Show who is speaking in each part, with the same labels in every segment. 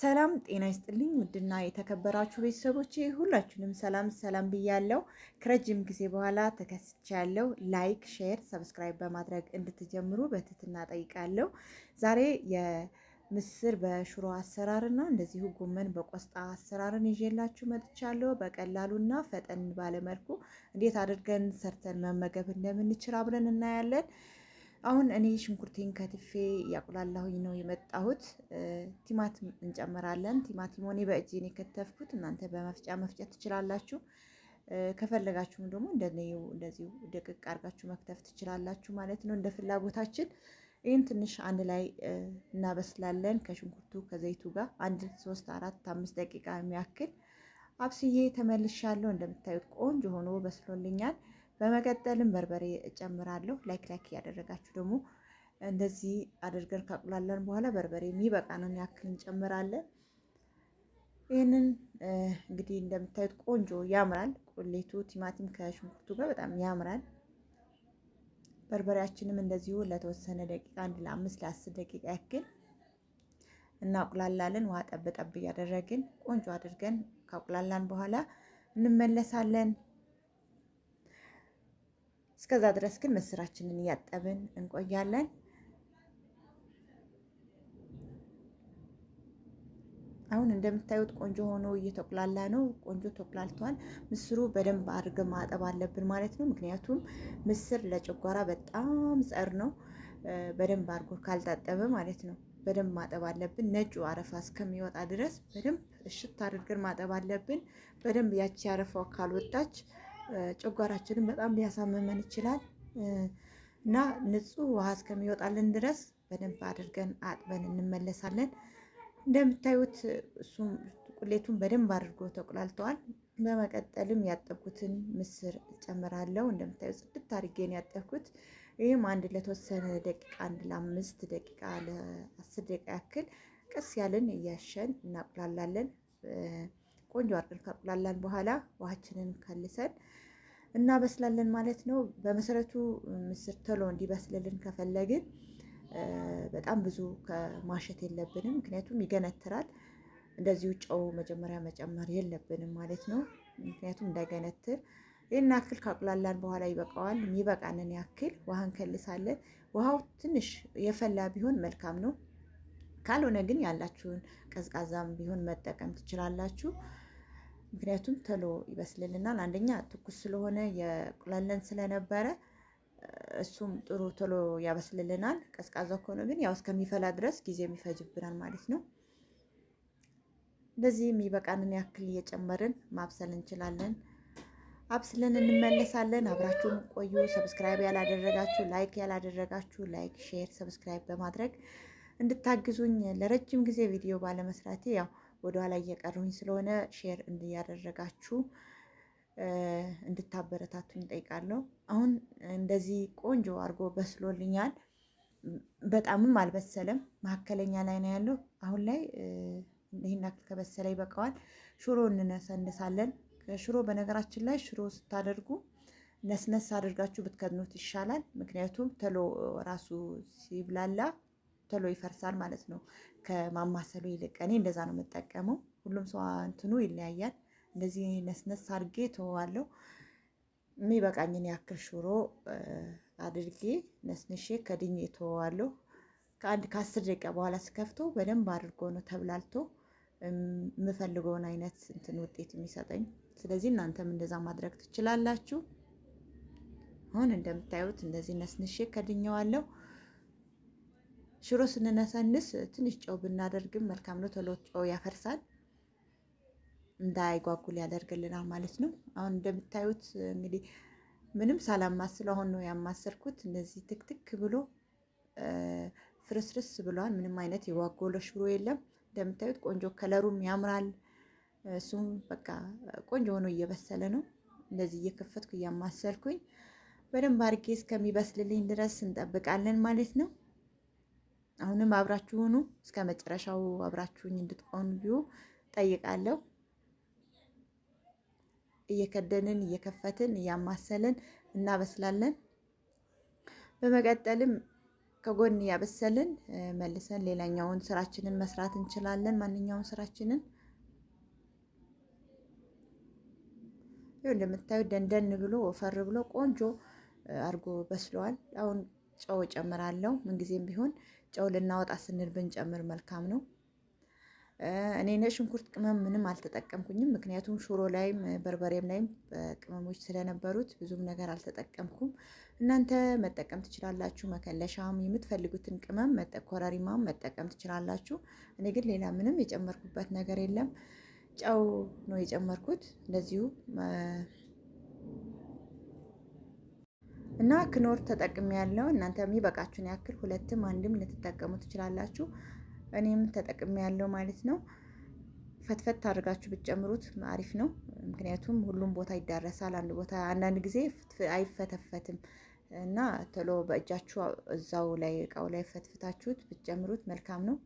Speaker 1: ሰላም ጤና ይስጥልኝ። ውድና የተከበራችሁ ቤተሰቦቼ ሁላችሁንም ሰላም ሰላም ብያለሁ። ከረጅም ጊዜ በኋላ ተከስቻለሁ። ላይክ፣ ሼር፣ ሰብስክራይብ በማድረግ እንድትጀምሩ በትህትና ጠይቃለሁ። ዛሬ የምስር በሽሮ አሰራርና እንደዚሁ ጎመን በቆስጣ አሰራርን ይዤላችሁ መጥቻለሁ። በቀላሉና ፈጠን ባለመልኩ እንዴት አድርገን ሰርተን መመገብ እንደምንችል አብረን እናያለን። አሁን እኔ ሽንኩርቴን ከትፌ ያቁላላሁኝ ነው የመጣሁት። ቲማቲም እንጨምራለን። ቲማቲሞኔ ሆኔ ነው የከተፍኩት። እናንተ በመፍጫ መፍጨት ትችላላችሁ። ከፈለጋችሁም ደግሞ እንደኔው እንደዚሁ ደቅቅ አድርጋችሁ መክተፍ ትችላላችሁ ማለት ነው፣ እንደ ፍላጎታችን። ይህን ትንሽ አንድ ላይ እናበስላለን ከሽንኩርቱ ከዘይቱ ጋር አንድ ሶስት አራት አምስት ደቂቃ የሚያክል አብስዬ ተመልሻለሁ። እንደምታዩት ቆንጆ ሆኖ በስሎልኛል። በመቀጠልም በርበሬ እጨምራለሁ። ላይክ ላይክ እያደረጋችሁ ደግሞ እንደዚህ አድርገን ካቁላለን በኋላ በርበሬ የሚበቃንን ያክል እንጨምራለን። ይህንን እንግዲህ እንደምታዩት ቆንጆ ያምራል። ቁሌቱ ቲማቲም ከሽንኩርቱ ጋር በጣም ያምራል። በርበሬያችንም እንደዚሁ ለተወሰነ ደቂቃ አንድ ለአምስት ለአስር ደቂቃ ያክል እናቁላላለን። ውሃ ጠብ ጠብ እያደረግን ቆንጆ አድርገን ካቁላላን በኋላ እንመለሳለን። እስከዛ ድረስ ግን ምስራችንን እያጠብን እንቆያለን። አሁን እንደምታዩት ቆንጆ ሆኖ እየተቁላላ ነው። ቆንጆ ተቁላልቷል። ምስሩ በደንብ አድርገን ማጠብ አለብን ማለት ነው። ምክንያቱም ምስር ለጨጓራ በጣም ጸር ነው። በደንብ አድርጎ ካልታጠበ ማለት ነው። በደንብ ማጠብ አለብን። ነጩ አረፋ እስከሚወጣ ድረስ በደንብ እሽት አድርገን ማጠብ አለብን። በደንብ ያቺ አረፋው ካልወጣች ጨጓራችንን በጣም ሊያሳምመን ይችላል እና ንጹህ ውሃ እስከሚወጣልን ድረስ በደንብ አድርገን አጥበን እንመለሳለን። እንደምታዩት እሱም ቁሌቱን በደንብ አድርጎ ተቁላልተዋል። በመቀጠልም ያጠብኩትን ምስር ጨምራለሁ እንደምታዩት ጽድት አድርጌን ያጠብኩት ይህም አንድ ለተወሰነ ደቂቃ አንድ ለአምስት ደቂቃ ለአስር ደቂቃ ያክል ቀስ ያልን እያሸን እናቁላላለን። ቆንጆ አድርገን ካቁላላን በኋላ ውሃችንን ከልሰን እናበስላለን ማለት ነው። በመሰረቱ ምስር ቶሎ እንዲበስልልን ከፈለግን በጣም ብዙ ከማሸት የለብንም፣ ምክንያቱም ይገነትራል። እንደዚሁ ጨው መጀመሪያ መጨመር የለብንም ማለት ነው፣ ምክንያቱም እንዳይገነትር። ይህን ያክል ካቁላላን በኋላ ይበቃዋል። የሚበቃንን ያክል ውሃ እንከልሳለን። ውሃው ትንሽ የፈላ ቢሆን መልካም ነው። ካልሆነ ግን ያላችሁን ቀዝቃዛም ቢሆን መጠቀም ትችላላችሁ። ምክንያቱም ቶሎ ይበስልልናል። አንደኛ ትኩስ ስለሆነ የቁላለን ስለነበረ እሱም ጥሩ ቶሎ ያበስልልናል። ቀዝቃዛ ከሆነ ግን ያው እስከሚፈላ ድረስ ጊዜ የሚፈጅብናል ማለት ነው። እንደዚህ የሚበቃንን ያክል እየጨመርን ማብሰል እንችላለን። አብስለን እንመለሳለን። አብራችሁን ቆዩ። ሰብስክራይብ ያላደረጋችሁ፣ ላይክ ያላደረጋችሁ፣ ላይክ፣ ሼር፣ ሰብስክራይብ በማድረግ እንድታግዙኝ ለረጅም ጊዜ ቪዲዮ ባለመስራቴ ያው ወደኋላ እየቀረሁኝ ስለሆነ ሼር እንዲያደረጋችሁ እንድታበረታቱኝ ጠይቃለሁ። አሁን እንደዚህ ቆንጆ አድርጎ በስሎልኛል። በጣምም አልበሰለም፣ መካከለኛ ላይ ነው ያለው። አሁን ላይ ይህን ያክል ከበሰለ ይበቃዋል። ሽሮ እንነሰንሳለን። ሽሮ በነገራችን ላይ ሽሮ ስታደርጉ ነስነስ አድርጋችሁ ብትከድኑት ይሻላል። ምክንያቱም ተሎ ራሱ ሲብላላ ቶሎ ይፈርሳል ማለት ነው ከማማሰሉ ይልቅ። እኔ እንደዛ ነው የምጠቀመው። ሁሉም ሰው እንትኑ ይለያያል። እንደዚህ ነስነስ አድርጌ ተዋለው። የሚበቃኝን ያክል ሽሮ አድርጌ ነስንሼ ከድኜ ተዋለሁ። ከአንድ ከአስር ደቂቃ በኋላ ስከፍቶ በደንብ አድርጎ ነው ተብላልቶ የምፈልገውን አይነት እንትን ውጤት የሚሰጠኝ። ስለዚህ እናንተም እንደዛ ማድረግ ትችላላችሁ። አሁን እንደምታዩት እንደዚህ ነስንሼ ከድኘዋለሁ። ሽሮ ስንነሰንስ ትንሽ ጨው ብናደርግም መልካም ነው። ቶሎ ጨው ያፈርሳል እንዳይጓጉል ያደርግልናል ማለት ነው። አሁን እንደምታዩት እንግዲህ ምንም ሳላማስል አሁን ነው ያማሰርኩት። እንደዚህ ትክትክ ብሎ ፍርስርስ ብሏል። ምንም አይነት የጓጎለ ሽሮ የለም። እንደምታዩት ቆንጆ ከለሩም ያምራል። እሱም በቃ ቆንጆ ሆኖ እየበሰለ ነው። እንደዚህ እየከፈትኩ እያማሰልኩኝ በደንብ አድርጌ እስከሚበስልልኝ ድረስ እንጠብቃለን ማለት ነው። አሁንም ሆኑ እስከ መጨረሻው አብራችሁኝ እንድትቆዩ ጠይቃለሁ። እየከደንን እየከፈትን እያማሰልን እናበስላለን። በመቀጠልም ከጎን እያበሰልን መልሰን ሌላኛውን ስራችንን መስራት እንችላለን። ማንኛውን ስራችንን ይኸው እንደምታዩት ደንደን ብሎ ወፈር ብሎ ቆንጆ አድርጎ በስለዋል። አሁን ጨው ጨምራለሁ ምንጊዜም ቢሆን ጨው ልናወጣ ስንል ብንጨምር መልካም ነው። እኔ ነጭ ሽንኩርት ቅመም ምንም አልተጠቀምኩኝም። ምክንያቱም ሽሮ ላይም በርበሬም ላይም ቅመሞች ስለነበሩት ብዙም ነገር አልተጠቀምኩም። እናንተ መጠቀም ትችላላችሁ። መከለሻም የምትፈልጉትን ቅመም ኮረሪማም መጠቀም ትችላላችሁ። እኔ ግን ሌላ ምንም የጨመርኩበት ነገር የለም። ጨው ነው የጨመርኩት እንደዚሁ እና ክኖር ተጠቅሜ ያለው እናንተ የሚበቃችሁን ያክል ሁለትም አንድም ልትጠቀሙ ትችላላችሁ። እኔም ተጠቅሜ ያለው ማለት ነው። ፈትፈት አድርጋችሁ ብትጨምሩት አሪፍ ነው። ምክንያቱም ሁሉም ቦታ ይዳረሳል። አንድ ቦታ አንዳንድ ጊዜ አይፈተፈትም እና ቶሎ በእጃችሁ እዛው ላይ እቃው ላይ ፈትፍታችሁት ብትጨምሩት መልካም ነው።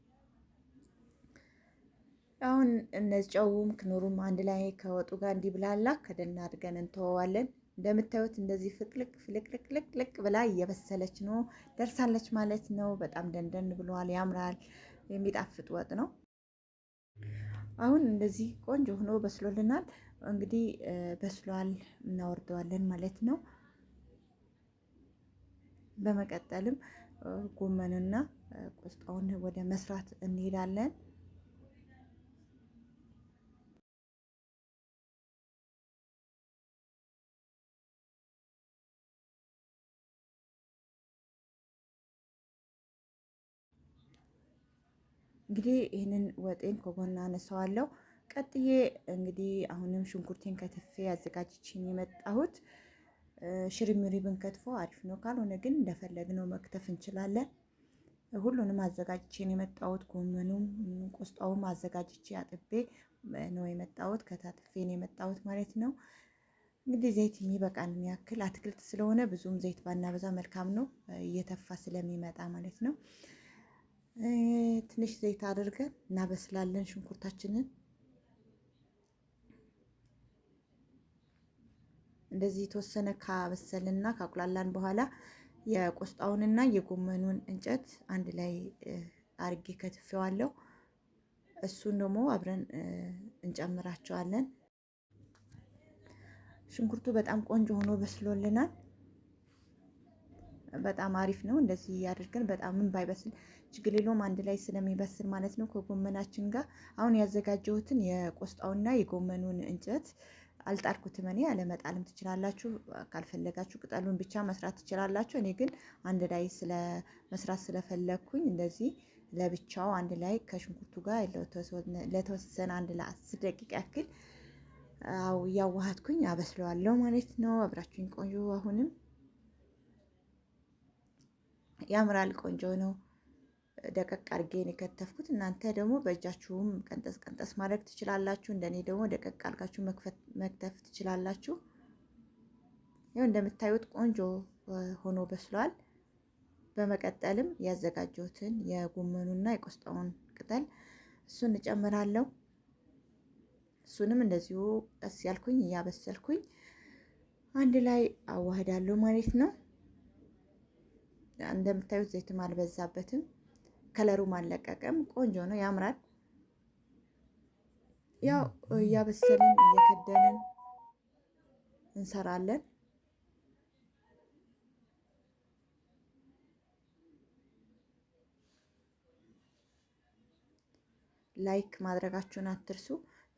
Speaker 1: አሁን እነዚህ ጨውም ክኖሩም አንድ ላይ ከወጡ ጋር እንዲብላላ ከደን አድርገን እንተወዋለን። እንደምታዩት እንደዚህ ፍቅልቅ ፍልቅልቅልቅልቅ ብላ እየበሰለች ነው ደርሳለች ማለት ነው። በጣም ደንደን ብለዋል። ያምራል። የሚጣፍጥ ወጥ ነው። አሁን እንደዚህ ቆንጆ ሆኖ በስሎልናል። እንግዲህ በስሏል፣ እናወርደዋለን ማለት ነው። በመቀጠልም ጎመንና ቆስጣውን ወደ መስራት እንሄዳለን። እንግዲህ ይህንን ወጤን ከጎና አነሳዋለሁ። ቀጥዬ እንግዲህ አሁንም ሽንኩርቴን ከትፌ አዘጋጅቼን የመጣሁት ሽርሚሪ ብንከትፎ አሪፍ ነው። ካልሆነ ግን እንደፈለግነው መክተፍ እንችላለን። ሁሉንም አዘጋጅቼን የመጣሁት ጎመኑም፣ ቆስጣውም አዘጋጅቼ አጥቤ ነው የመጣሁት። ከታጥፌ ነው የመጣሁት ማለት ነው። እንግዲህ ዘይት የሚበቃን የሚያክል አትክልት ስለሆነ ብዙም ዘይት ባናበዛ መልካም ነው፣ እየተፋ ስለሚመጣ ማለት ነው። ትንሽ ዘይት አድርገን እናበስላለን ሽንኩርታችንን። እንደዚህ የተወሰነ ካበሰልና ካቁላላን በኋላ የቆስጣውንና የጎመኑን እንጨት አንድ ላይ አርጌ ከትፌዋለሁ። እሱን ደግሞ አብረን እንጨምራቸዋለን። ሽንኩርቱ በጣም ቆንጆ ሆኖ በስሎልናል። በጣም አሪፍ ነው። እንደዚህ እያደርገን በጣምም ባይበስል ችግር የለውም አንድ ላይ ስለሚበስል ማለት ነው። ከጎመናችን ጋር አሁን ያዘጋጀሁትን የቆስጣውና የጎመኑን እንጨት አልጣልኩትም እኔ አለመጣልም ትችላላችሁ። ካልፈለጋችሁ ቅጠሉን ብቻ መስራት ትችላላችሁ። እኔ ግን አንድ ላይ ስለ መስራት ስለፈለግኩኝ እንደዚህ ለብቻው አንድ ላይ ከሽንኩርቱ ጋር ለተወሰነ አንድ ለአስር ደቂቃ ያክል ያዋሃድኩኝ አበስለዋለሁ ማለት ነው። አብራችሁኝ ቆዩ አሁንም ያምራል፣ ቆንጆ ነው። ደቀቅ አድርጌን የከተፍኩት እናንተ ደግሞ በእጃችሁም ቀንጠስ ቀንጠስ ማድረግ ትችላላችሁ። እንደኔ ደግሞ ደቀቅ አድርጋችሁ መክተፍ ትችላላችሁ። ይኸው እንደምታዩት ቆንጆ ሆኖ በስሏል። በመቀጠልም ያዘጋጀሁትን የጎመኑና የቆስጣውን ቅጠል እሱን እጨምራለሁ። እሱንም እንደዚሁ ቀስ ያልኩኝ እያበሰልኩኝ አንድ ላይ አዋህዳለሁ ማለት ነው። እንደምታዩት ዘይትም አልበዛበትም፣ ከለሩም አልለቀቀም። ቆንጆ ነው፣ ያምራል። ያው እያበሰልን እየከደንን እንሰራለን። ላይክ ማድረጋችሁን አትርሱ።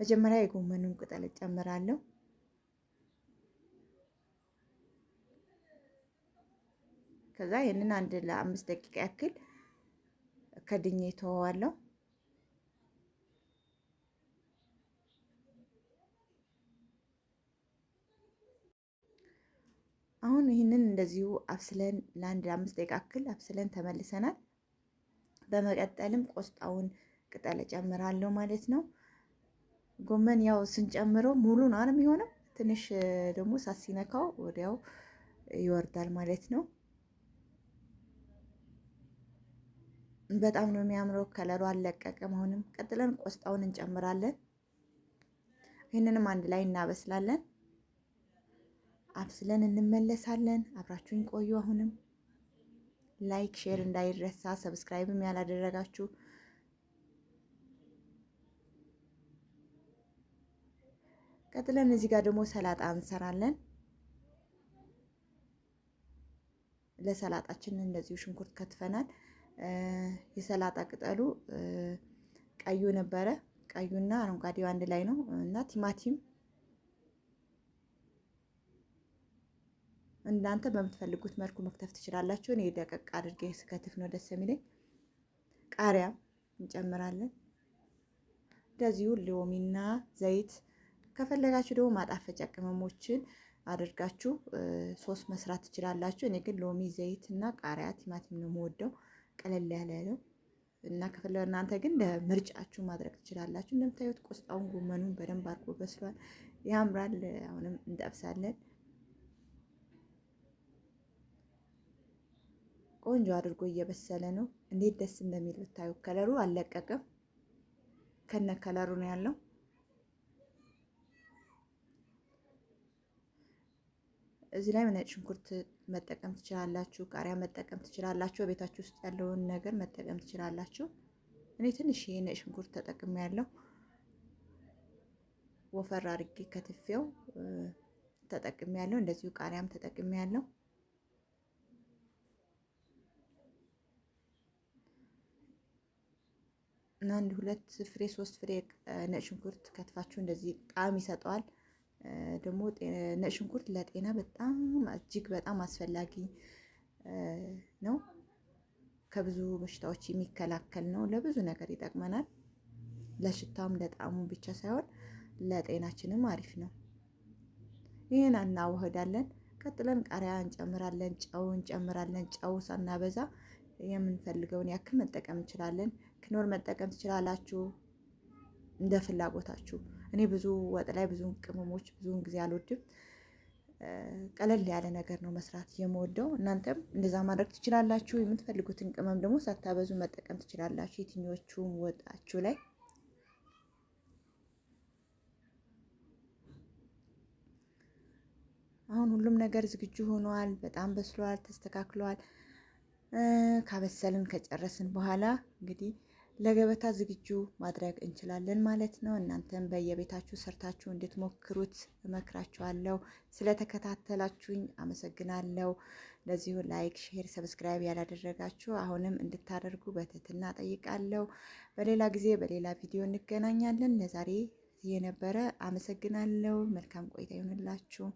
Speaker 1: መጀመሪያ የጎመኑን ቅጠል እጨምራለሁ። ከዛ ይህንን አንድ ለአምስት ደቂቃ ያክል ከድኜ ተወዋለሁ። አሁን ይህንን እንደዚሁ አብስለን ለአንድ ለአምስት ደቂቃ ያክል አብስለን ተመልሰናል። በመቀጠልም ቆስጣውን ቅጠል ጨምራለሁ ማለት ነው። ጎመን ያው ስንጨምረው ሙሉ ነው የሚሆነው። ትንሽ ደግሞ ሳሲነካው ወዲያው ይወርዳል ማለት ነው። በጣም ነው የሚያምረው። ከለሩ አልለቀቀም። አሁንም ቀጥለን ቆስጣውን እንጨምራለን። ይህንንም አንድ ላይ እናበስላለን። አብስለን እንመለሳለን። አብራችሁኝ ቆዩ። አሁንም ላይክ፣ ሼር እንዳይረሳ፣ ሰብስክራይብም ያላደረጋችሁ ቀጥለን እዚህ ጋር ደግሞ ሰላጣ እንሰራለን። ለሰላጣችን እንደዚሁ ሽንኩርት ከትፈናል። የሰላጣ ቅጠሉ ቀዩ ነበረ። ቀዩና አረንጓዴው አንድ ላይ ነው እና ቲማቲም እናንተ በምትፈልጉት መልኩ መክተፍ ትችላላችሁ። እኔ ደቀቅ አድርጌ ስከትፍ ነው ደስ የሚለኝ። ቃሪያ እንጨምራለን። እንደዚሁ ሎሚና ዘይት፣ ከፈለጋችሁ ደግሞ ማጣፈጫ ቅመሞችን አድርጋችሁ ሶስት መስራት ትችላላችሁ። እኔ ግን ሎሚ፣ ዘይት እና ቃሪያ፣ ቲማቲም ነው የምወደው። ቀለል ያለ ነው እና ከፈለ እናንተ ግን ለምርጫችሁ ማድረግ ትችላላችሁ። እንደምታዩት ቆስጣውን፣ ጎመኑን በደንብ አድርጎ በስሏል፣ ያምራል። አሁንም እንጠብሳለን። ቆንጆ አድርጎ እየበሰለ ነው። እንዴት ደስ እንደሚል ብታዩ። ከለሩ አልለቀቅም፣ ከነ ከለሩ ነው ያለው። እዚህ ላይ ነጭ ሽንኩርት መጠቀም ትችላላችሁ። ቃሪያ መጠቀም ትችላላችሁ። በቤታችሁ ውስጥ ያለውን ነገር መጠቀም ትችላላችሁ። እኔ ትንሽ ይሄን ሽንኩርት ተጠቅሜ ያለው ወፈር አድርጌ ከትፌው ተጠቅሜ ያለው እንደዚሁ ቃሪያም ተጠቅሜ ያለው እና አንድ ሁለት ፍሬ ሶስት ፍሬ ነጭ ሽንኩርት ከትፋችሁ እንደዚህ ጣዕም ይሰጠዋል። ደግሞ ነጭ ሽንኩርት ለጤና በጣም እጅግ በጣም አስፈላጊ ነው። ከብዙ በሽታዎች የሚከላከል ነው። ለብዙ ነገር ይጠቅመናል። ለሽታም ለጣዕሙ ብቻ ሳይሆን ለጤናችንም አሪፍ ነው። ይህን እናዋህዳለን። ቀጥለን ቃሪያ እንጨምራለን፣ ጨው እንጨምራለን። ጨው ሳናበዛ የምንፈልገውን ያክል መጠቀም እንችላለን። ክኖር መጠቀም ትችላላችሁ እንደ ፍላጎታችሁ። እኔ ብዙ ወጥ ላይ ብዙ ቅመሞች ብዙውን ጊዜ አልወድም። ቀለል ያለ ነገር ነው መስራት የምወደው። እናንተም እንደዛ ማድረግ ትችላላችሁ። የምትፈልጉትን ቅመም ደግሞ ሳታበዙ መጠቀም ትችላላችሁ፣ የትኞቹም ወጣችሁ ላይ አሁን ሁሉም ነገር ዝግጁ ሆኗል። በጣም በስሏል፣ ተስተካክሏል። ካበሰልን ከጨረስን በኋላ እንግዲህ ለገበታ ዝግጁ ማድረግ እንችላለን ማለት ነው። እናንተም በየቤታችሁ ሰርታችሁ እንድትሞክሩት እመክራችኋለሁ። ስለተከታተላችሁኝ አመሰግናለሁ። ለዚሁ ላይክ፣ ሼር፣ ሰብስክራይብ ያላደረጋችሁ አሁንም እንድታደርጉ በትህትና ጠይቃለሁ። በሌላ ጊዜ በሌላ ቪዲዮ እንገናኛለን። ለዛሬ የነበረ አመሰግናለሁ። መልካም ቆይታ ይሁንላችሁ።